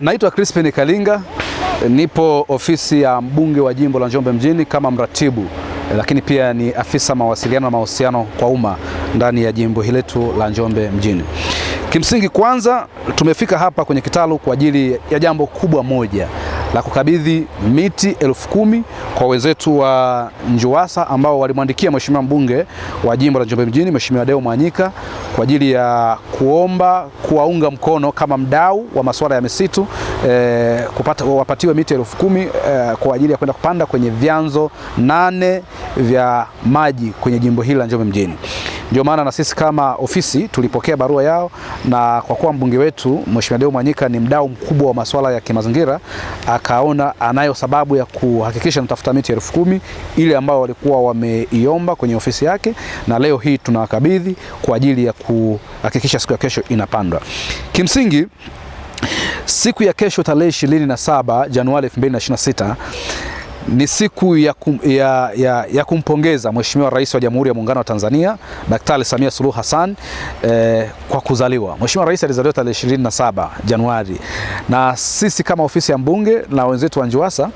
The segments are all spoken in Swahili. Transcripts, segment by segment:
naitwa Crispin Kalinga, nipo ofisi ya mbunge wa jimbo la Njombe mjini kama mratibu, lakini pia ni afisa mawasiliano na mahusiano kwa umma ndani ya jimbo hili letu la Njombe mjini. Kimsingi, kwanza tumefika hapa kwenye kitalu kwa ajili ya jambo kubwa moja la kukabidhi miti elfu kumi kwa wenzetu wa NJUWASA ambao walimwandikia Mheshimiwa mbunge wa jimbo la Njombe mjini Mheshimiwa Deo Mwanyika kwa ajili ya kuomba kuwaunga mkono kama mdau wa masuala ya misitu eh, kupata, wapatiwe miti elfu kumi eh, kwa ajili ya kwenda kupanda kwenye vyanzo nane vya maji kwenye jimbo hili la Njombe mjini. Ndio maana na sisi kama ofisi tulipokea barua yao, na kwa kuwa mbunge wetu Mheshimiwa Deo Mwanyika ni mdau mkubwa wa masuala ya kimazingira, akaona anayo sababu ya kuhakikisha tunatafuta miti elfu kumi ile ambayo walikuwa wameiomba kwenye ofisi yake, na leo hii tunawakabidhi kwa ajili ya kuhakikisha siku ya kesho inapandwa. Kimsingi siku ya kesho tarehe ishirini Januari 2026 ni siku ya, kum, ya, ya, ya kumpongeza Mheshimiwa Rais wa Jamhuri ya Muungano wa Tanzania Daktari Samia Suluhu Hassan eh, kwa kuzaliwa. Mheshimiwa Rais alizaliwa tarehe 27 Januari, na sisi kama ofisi ya mbunge na wenzetu wa NJUWASA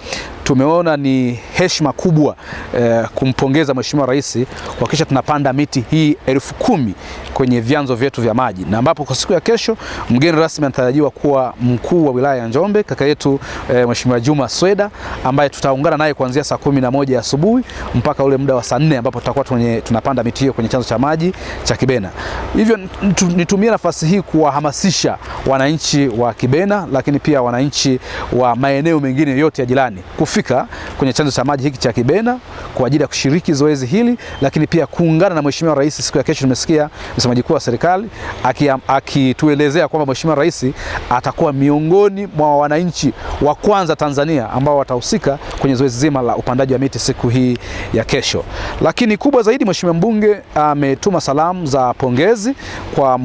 tumeona ni heshima kubwa eh, kumpongeza Mheshimiwa Rais kwa kisha tunapanda miti hii elfu kumi kwenye vyanzo vyetu vya maji, na ambapo kwa siku ya kesho mgeni rasmi anatarajiwa kuwa mkuu wa wilaya ya Njombe kaka yetu eh, Mheshimiwa Juma Sweda ambaye tutaungana naye kuanzia saa kumi na moja asubuhi mpaka ule muda wa saa nne ambapo tutakuwa tunapanda miti hiyo kwenye chanzo cha maji cha Kibena. Hivyo nitumie nafasi hii kuwahamasisha wananchi wa Kibena, lakini pia wananchi wa maeneo mengine yote ya jirani kufika kwenye chanzo cha maji hiki cha Kibena kwa ajili ya kushiriki zoezi hili, lakini pia kuungana na Mheshimiwa Rais. Siku ya kesho tumesikia msemaji wa serikali akituelezea aki kwamba Mheshimiwa Rais atakuwa miongoni mwa wananchi wa kwanza Tanzania ambao watahusika kwenye zoezi zima la upandaji wa miti siku hii ya kesho. Lakini kubwa zaidi, Mheshimiwa mbunge ametuma salamu za pongezi kwa,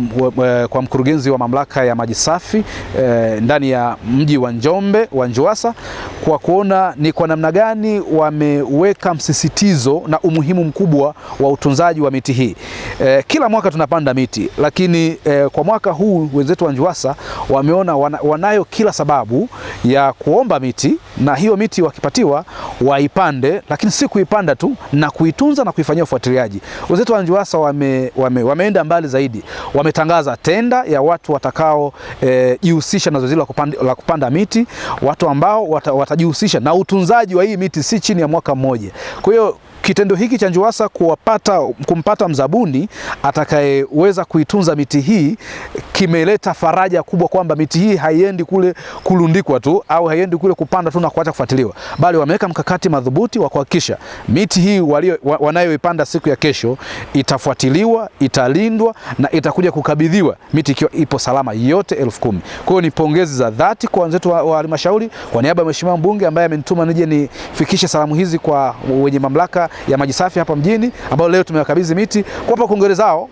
kwa mkurugenzi wa mamlaka ya maji safi eh, ndani ya mji wa Njombe wa Njuasa kwa kuona ni kwa namna gani wameweka msisitizo na umuhimu mkubwa wa utunzaji wa miti hii. E, kila mwaka tunapanda miti lakini e, kwa mwaka huu wenzetu wa NJUWASA wameona wana, wanayo kila sababu ya kuomba miti na hiyo miti wakipatiwa waipande, lakini si kuipanda tu na kuitunza na kuifanyia ufuatiliaji. Wenzetu wa NJUWASA wame, wame, wameenda mbali zaidi, wametangaza tenda ya watu watakao eh, jihusisha e, na zoezi la kupanda miti, watu ambao watajihusisha na utu utunzaji wa hii miti si chini ya mwaka mmoja. Kwa hiyo kitendo hiki cha NJUWASA kuwapata kumpata mzabuni atakayeweza kuitunza miti hii kimeleta faraja kubwa kwamba miti hii haiendi kule kulundikwa tu au haiendi kule kupanda tu na kuacha kufuatiliwa, bali wameweka mkakati madhubuti wa kuhakikisha miti hii wanayoipanda siku ya kesho itafuatiliwa, italindwa na itakuja kukabidhiwa miti ikiwa ipo salama yote elfu kumi. Kwa hiyo ni pongezi za dhati kwa wenzetu wa halmashauri kwa niaba ya Mheshimiwa mbunge ambaye amenituma nije nifikishe salamu hizi kwa wenye mamlaka ya maji safi hapa mjini ambao leo tumewakabidhi miti. Kuwapa kongere zao,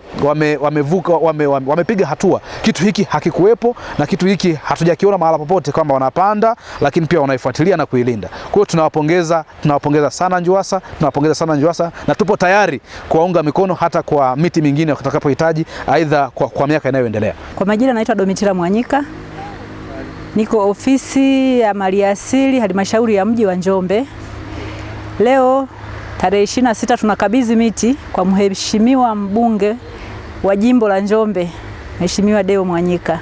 wamevuka wame wamepiga wame, wame hatua. Kitu hiki hakikuwepo na kitu hiki hatujakiona mahala popote kwamba wanapanda, lakini pia wanaifuatilia na kuilinda. Kwa hiyo tunawapongeza, tunawapongeza sana NJUWASA, tunawapongeza sana NJUWASA na tupo tayari kuwaunga mikono hata kwa miti mingine watakapohitaji, aidha kwa, kwa miaka inayoendelea. Kwa majina naitwa Domitila Mwanyika niko ofisi ya maliasili halmashauri ya mji wa Njombe. Leo Tarehe sita tunakabidhi miti kwa mheshimiwa mbunge wa jimbo la Njombe, Mheshimiwa Deo Mwanyika,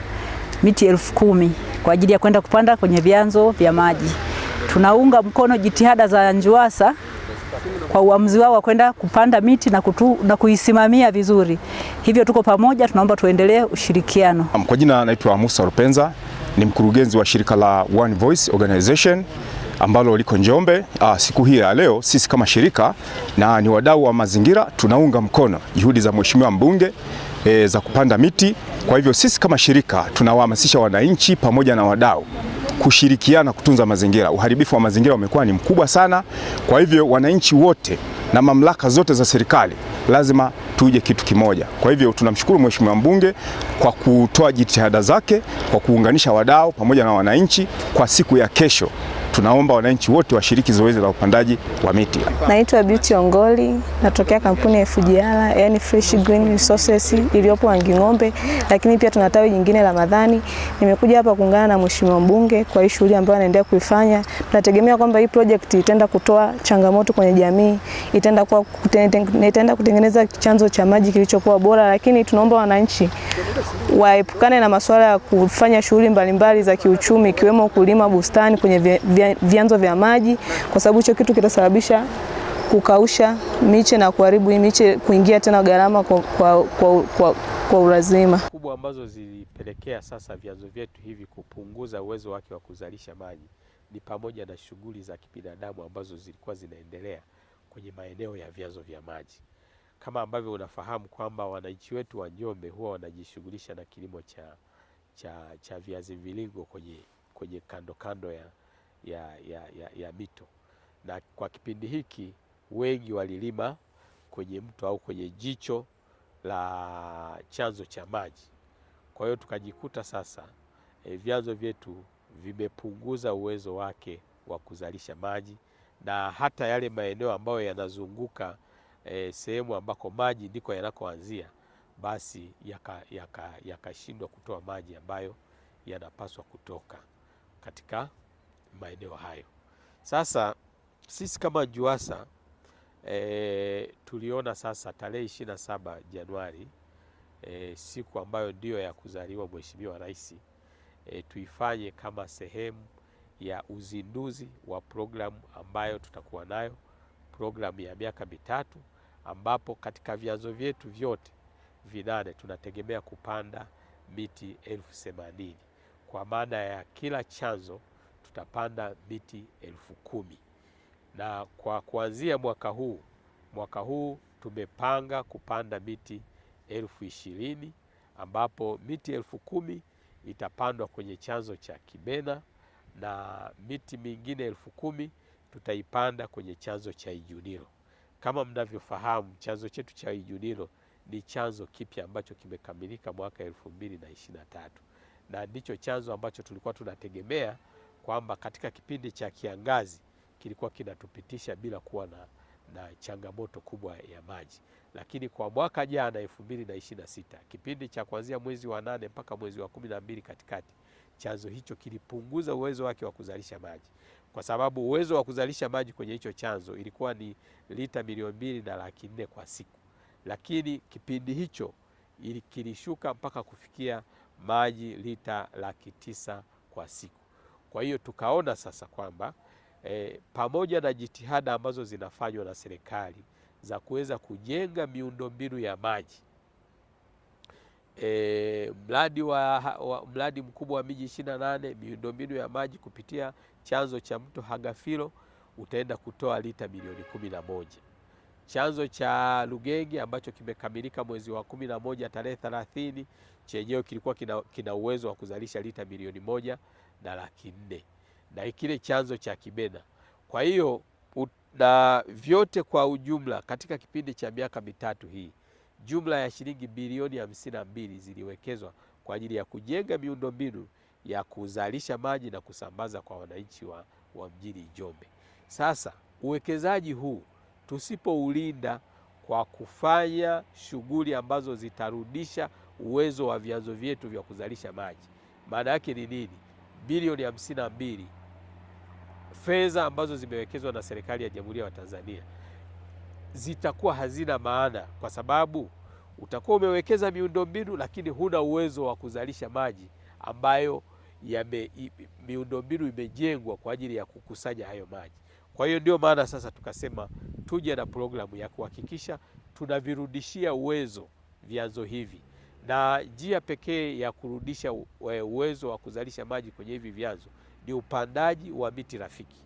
miti elfu kumi kwa ajili ya kwenda kupanda kwenye vyanzo vya maji. Tunaunga mkono jitihada za NJUWASA kwa uamuzi wao wa kwenda kupanda miti na, kutu, na kuisimamia vizuri. Hivyo tuko pamoja, tunaomba tuendelee ushirikiano. Kwa jina naitwa Musa Rupenza, ni mkurugenzi wa shirika la One Voice Organization ambalo liko Njombe a, ah, siku hii ya leo sisi kama shirika na ni wadau wa mazingira tunaunga mkono juhudi za mheshimiwa mbunge e, za kupanda miti. Kwa hivyo sisi kama shirika tunawahamasisha wananchi pamoja na wadau kushirikiana kutunza mazingira. Uharibifu wa mazingira umekuwa ni mkubwa sana, kwa hivyo wananchi wote na mamlaka zote za serikali lazima tuje kitu kimoja. Kwa hivyo tunamshukuru mheshimiwa mbunge kwa kutoa jitihada zake kwa kuunganisha wadau pamoja na wananchi kwa siku ya kesho tunaomba wananchi wote washiriki zoezi la upandaji wa miti. Naitwa Beauty Ongoli, natokea kampuni ya FGR, yani Fresh Green Resources iliyopo Wanging'ombe, lakini pia tuna tawi jingine la Madhani. Nimekuja hapa kuungana na mheshimiwa mbunge kwa hii shughuli ambayo anaendelea kuifanya. Tunategemea kwamba hii project itaenda kutoa changamoto kwenye jamii, itaenda kwa itaenda kutengeneza chanzo cha maji kilichokuwa bora, lakini tunaomba wananchi waepukane na masuala ya kufanya shughuli mbalimbali za kiuchumi ikiwemo kulima bustani kwenye vyanzo vya maji, kwa sababu hicho kitu kitasababisha kukausha miche na kuharibu hii miche kuingia tena gharama kwa, kwa, kwa, kwa, kwa ulazima kubwa ambazo zilipelekea sasa vyanzo vyetu hivi kupunguza uwezo wake wa kuzalisha maji ni pamoja na shughuli za kibinadamu ambazo zilikuwa zinaendelea kwenye maeneo ya vyanzo vya maji. Kama ambavyo unafahamu kwamba wananchi wetu wa Njombe huwa wanajishughulisha na kilimo cha, cha, cha viazi mviringo kwenye, kwenye kando kando ya ya, ya, ya, ya mito, na kwa kipindi hiki wengi walilima kwenye mto au kwenye jicho la chanzo cha maji. Kwa hiyo tukajikuta sasa e, vyanzo vyetu vimepunguza uwezo wake wa kuzalisha maji na hata yale maeneo ambayo yanazunguka e, sehemu ambako maji ndiko yanakoanzia basi yakashindwa yaka, yaka kutoa maji ambayo yanapaswa kutoka katika maeneo hayo. Sasa sisi kama JUWASA e, eh, tuliona sasa tarehe ishirini na saba Januari e, siku ambayo ndiyo ya kuzaliwa Mheshimiwa Rais e, tuifanye kama sehemu ya uzinduzi wa programu ambayo tutakuwa nayo, programu ya miaka mitatu, ambapo katika vyanzo vyetu vyote vinane tunategemea kupanda miti elfu themanini kwa maana ya kila chanzo tutapanda miti elfu kumi na kwa kuanzia mwaka huu mwaka huu tumepanga kupanda miti elfu ishirini ambapo miti elfu kumi itapandwa kwenye chanzo cha kibena na miti mingine elfu kumi tutaipanda kwenye chanzo cha Ijunilo. Kama mnavyofahamu, chanzo chetu cha Ijunilo ni chanzo kipya ambacho kimekamilika mwaka elfu mbili na ishirini na tatu na ndicho chanzo ambacho tulikuwa tunategemea kwamba katika kipindi cha kiangazi kilikuwa kinatupitisha bila kuwa na, na changamoto kubwa ya maji, lakini kwa mwaka jana elfu mbili na ishirini na sita kipindi cha kuanzia mwezi wa nane mpaka mwezi wa kumi na mbili katikati chanzo hicho kilipunguza uwezo wake wa kuzalisha maji kwa sababu uwezo wa kuzalisha maji kwenye hicho chanzo ilikuwa ni lita milioni mbili na laki nne kwa siku, lakini kipindi hicho kilishuka mpaka kufikia maji lita laki tisa kwa siku. Kwa hiyo tukaona sasa kwamba e, pamoja na jitihada ambazo zinafanywa na serikali za kuweza kujenga miundombinu ya maji e, mradi wa, wa, mradi mkubwa wa miji ishirini na nane miundombinu ya maji kupitia chanzo cha mto Hagafilo utaenda kutoa lita milioni kumi na moja chanzo cha Lugenge ambacho kimekamilika mwezi wa kumi na moja tarehe thelathini chenyewe kilikuwa kina, kina uwezo wa kuzalisha lita milioni moja na laki nne na kile chanzo cha Kibena. Kwa hiyo na vyote kwa ujumla katika kipindi cha miaka mitatu hii jumla ya shilingi bilioni hamsini na mbili ziliwekezwa kwa ajili ya kujenga miundombinu ya kuzalisha maji na kusambaza kwa wananchi wa, wa mjini Njombe. Sasa uwekezaji huu tusipoulinda kwa kufanya shughuli ambazo zitarudisha uwezo wa vyanzo vyetu vya kuzalisha maji, maana yake ni nini? bilioni mbili fedha ambazo zimewekezwa na serikali ya Jamhuri ya Tanzania zitakuwa hazina maana, kwa sababu utakuwa umewekeza miundombinu lakini huna uwezo wa kuzalisha maji ambayo yame, miundombinu imejengwa kwa ajili ya kukusanya hayo maji. Kwa hiyo ndio maana sasa tukasema tuje na programu ya kuhakikisha tunavirudishia uwezo vyanzo hivi na njia pekee ya kurudisha e, uwezo wa kuzalisha maji kwenye hivi vyanzo ni upandaji wa miti rafiki,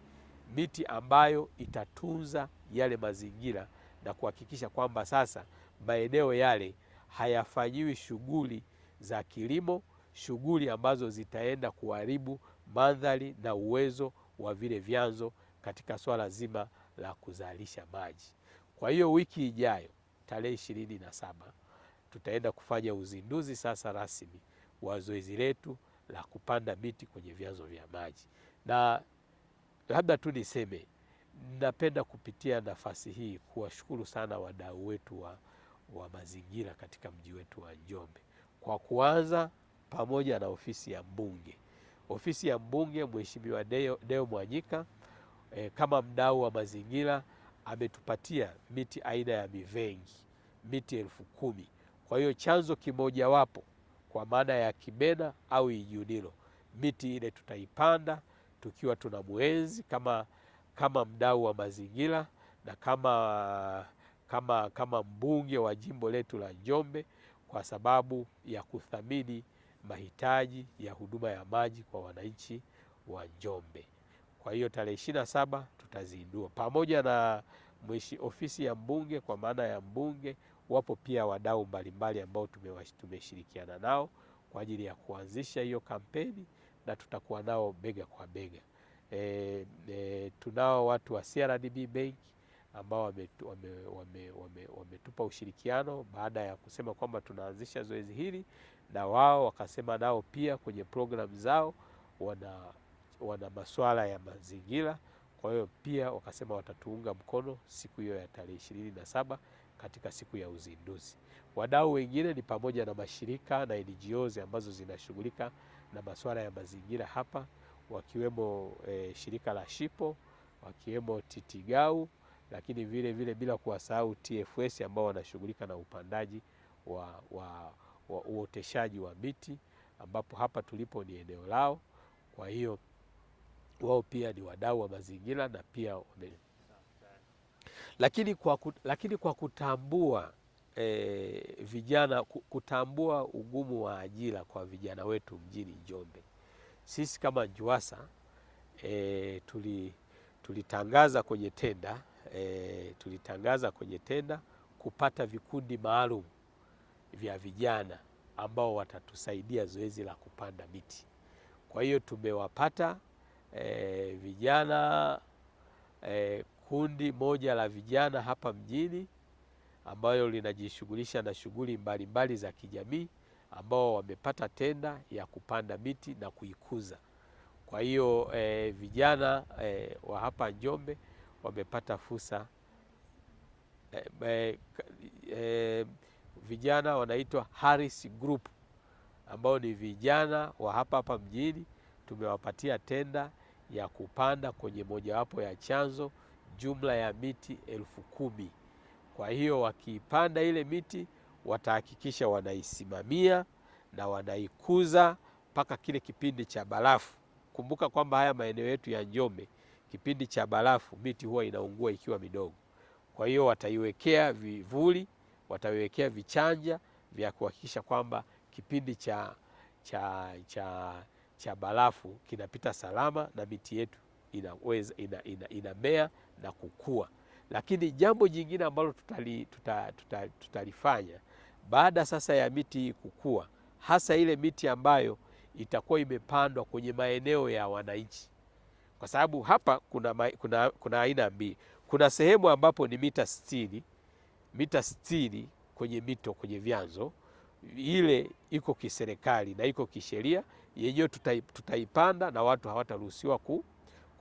miti ambayo itatunza yale mazingira na kuhakikisha kwamba sasa maeneo yale hayafanyiwi shughuli za kilimo, shughuli ambazo zitaenda kuharibu mandhari na uwezo wa vile vyanzo katika swala zima la kuzalisha maji. Kwa hiyo wiki ijayo tarehe ishirini na saba tutaenda kufanya uzinduzi sasa rasmi wa zoezi letu la kupanda miti kwenye vyanzo vya maji, na labda tu niseme napenda kupitia nafasi hii kuwashukuru sana wadau wetu wa, wa mazingira katika mji wetu wa Njombe kwa kuanza pamoja na ofisi ya mbunge ofisi ya mbunge Mheshimiwa Deo, Deo Mwanyika eh, kama mdau wa mazingira ametupatia miti aina ya mivengi miti elfu kumi kwa hiyo chanzo kimojawapo kwa maana ya kibena au ijunilo, miti ile tutaipanda tukiwa tuna mwenzi kama, kama mdau wa mazingira na kama, kama, kama mbunge wa jimbo letu la Njombe kwa sababu ya kuthamini mahitaji ya huduma ya maji kwa wananchi wa Njombe. Kwa hiyo tarehe ishirini na saba tutazindua pamoja na ofisi ya mbunge kwa maana ya mbunge Wapo pia wadau mbalimbali ambao tumeshirikiana nao kwa ajili ya kuanzisha hiyo kampeni na tutakuwa nao bega kwa bega. E, e, tunao watu wa CRDB Bank ambao wametupa wame, wame, wame, wame ushirikiano baada ya kusema kwamba tunaanzisha zoezi hili, na wao wakasema nao pia kwenye programu zao wana, wana masuala ya mazingira. Kwa hiyo pia wakasema watatuunga mkono siku hiyo ya tarehe ishirini na saba katika siku ya uzinduzi. Wadau wengine ni pamoja na mashirika na NGOs ambazo zinashughulika na masuala ya mazingira hapa, wakiwemo e, shirika la Shipo, wakiwemo Titigau, lakini vile vile bila kuwasahau TFS ambao wanashughulika na upandaji wa, wa, wa uoteshaji wa miti ambapo hapa tulipo ni eneo lao. Kwa hiyo wao pia ni wadau wa mazingira na pia wame lakini kwa, lakini kwa kutambua e, vijana kutambua ugumu wa ajira kwa vijana wetu mjini Njombe, sisi kama NJUWASA e, eh, tuli, tulitangaza kwenye tenda e, tulitangaza kwenye tenda kupata vikundi maalum vya vijana ambao watatusaidia zoezi la kupanda miti. Kwa hiyo tumewapata e, vijana e, kundi moja la vijana hapa mjini ambayo linajishughulisha na shughuli mbalimbali za kijamii ambao wamepata tenda ya kupanda miti na kuikuza. Kwa hiyo e, vijana e, wa hapa Njombe wamepata fursa e, e, e, vijana wanaitwa Harris Group ambao ni vijana wa hapa hapa mjini tumewapatia tenda ya kupanda kwenye mojawapo ya chanzo jumla ya miti elfu kumi. Kwa hiyo wakiipanda ile miti watahakikisha wanaisimamia na wanaikuza mpaka kile kipindi cha barafu. Kumbuka kwamba haya maeneo yetu ya Njombe kipindi cha barafu miti huwa inaungua ikiwa midogo. Kwa hiyo wataiwekea vivuli, wataiwekea vichanja vya kuhakikisha kwamba kipindi cha, cha, cha, cha barafu kinapita salama na miti yetu inaweza ina, ina, inamea na kukua. Lakini jambo jingine ambalo tutali, tuta, tuta, tutalifanya baada sasa ya miti kukua, hasa ile miti ambayo itakuwa imepandwa kwenye maeneo ya wananchi, kwa sababu hapa kuna, kuna, kuna aina mbili. Kuna sehemu ambapo ni mita sitini mita sitini kwenye mito kwenye vyanzo, ile iko kiserikali na iko kisheria yenyewe, tutaipanda na watu hawataruhusiwa ku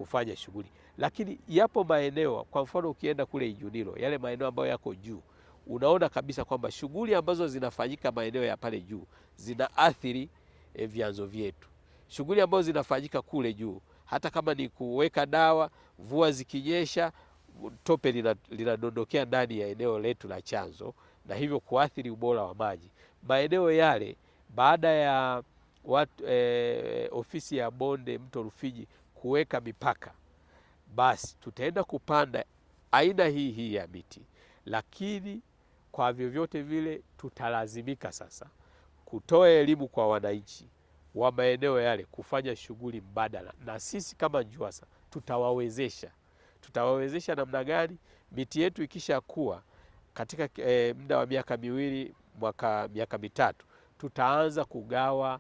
kufanya shughuli, lakini yapo maeneo, kwa mfano ukienda kule Ijunilo, yale maeneo ambayo yako juu, unaona kabisa kwamba shughuli ambazo zinafanyika maeneo ya pale juu zinaathiri e, vyanzo vyetu. Shughuli ambazo zinafanyika kule juu, hata kama ni kuweka dawa, mvua zikinyesha, tope linadondokea ndani ya eneo letu la chanzo, na hivyo kuathiri ubora wa maji maeneo yale. Baada ya watu, e, eh, ofisi ya bonde mto Rufiji kuweka mipaka, basi tutaenda kupanda aina hii hii ya miti, lakini kwa vyovyote vile tutalazimika sasa kutoa elimu kwa wananchi wa maeneo yale kufanya shughuli mbadala, na sisi kama NJUWASA tutawawezesha. Tutawawezesha namna gani? Miti yetu ikisha kuwa katika e, muda wa miaka miwili mwaka miaka mitatu tutaanza kugawa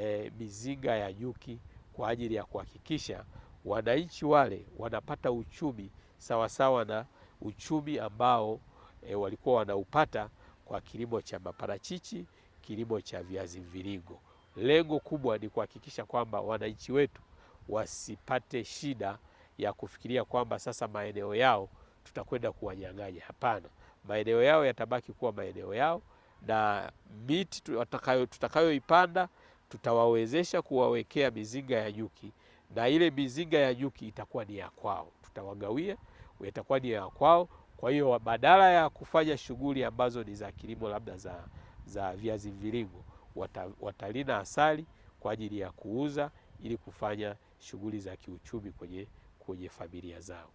e, mizinga ya nyuki kwa ajili ya kuhakikisha wananchi wale wanapata uchumi sawasawa na uchumi ambao e, walikuwa wanaupata kwa kilimo cha maparachichi, kilimo cha viazi mviringo. Lengo kubwa ni kuhakikisha kwamba wananchi wetu wasipate shida ya kufikiria kwamba sasa maeneo yao tutakwenda kuwanyang'anya. Hapana, maeneo yao yatabaki kuwa maeneo yao na miti tutakayoipanda tutakayo tutawawezesha kuwawekea mizinga ya nyuki, na ile mizinga ya nyuki itakuwa ni ya kwao, tutawagawia, itakuwa ni ya kwao. Kwa hiyo badala ya kufanya shughuli ambazo ni za kilimo labda za, za viazi mviringo, watalina asali kwa ajili ya kuuza ili kufanya shughuli za kiuchumi kwenye, kwenye familia zao.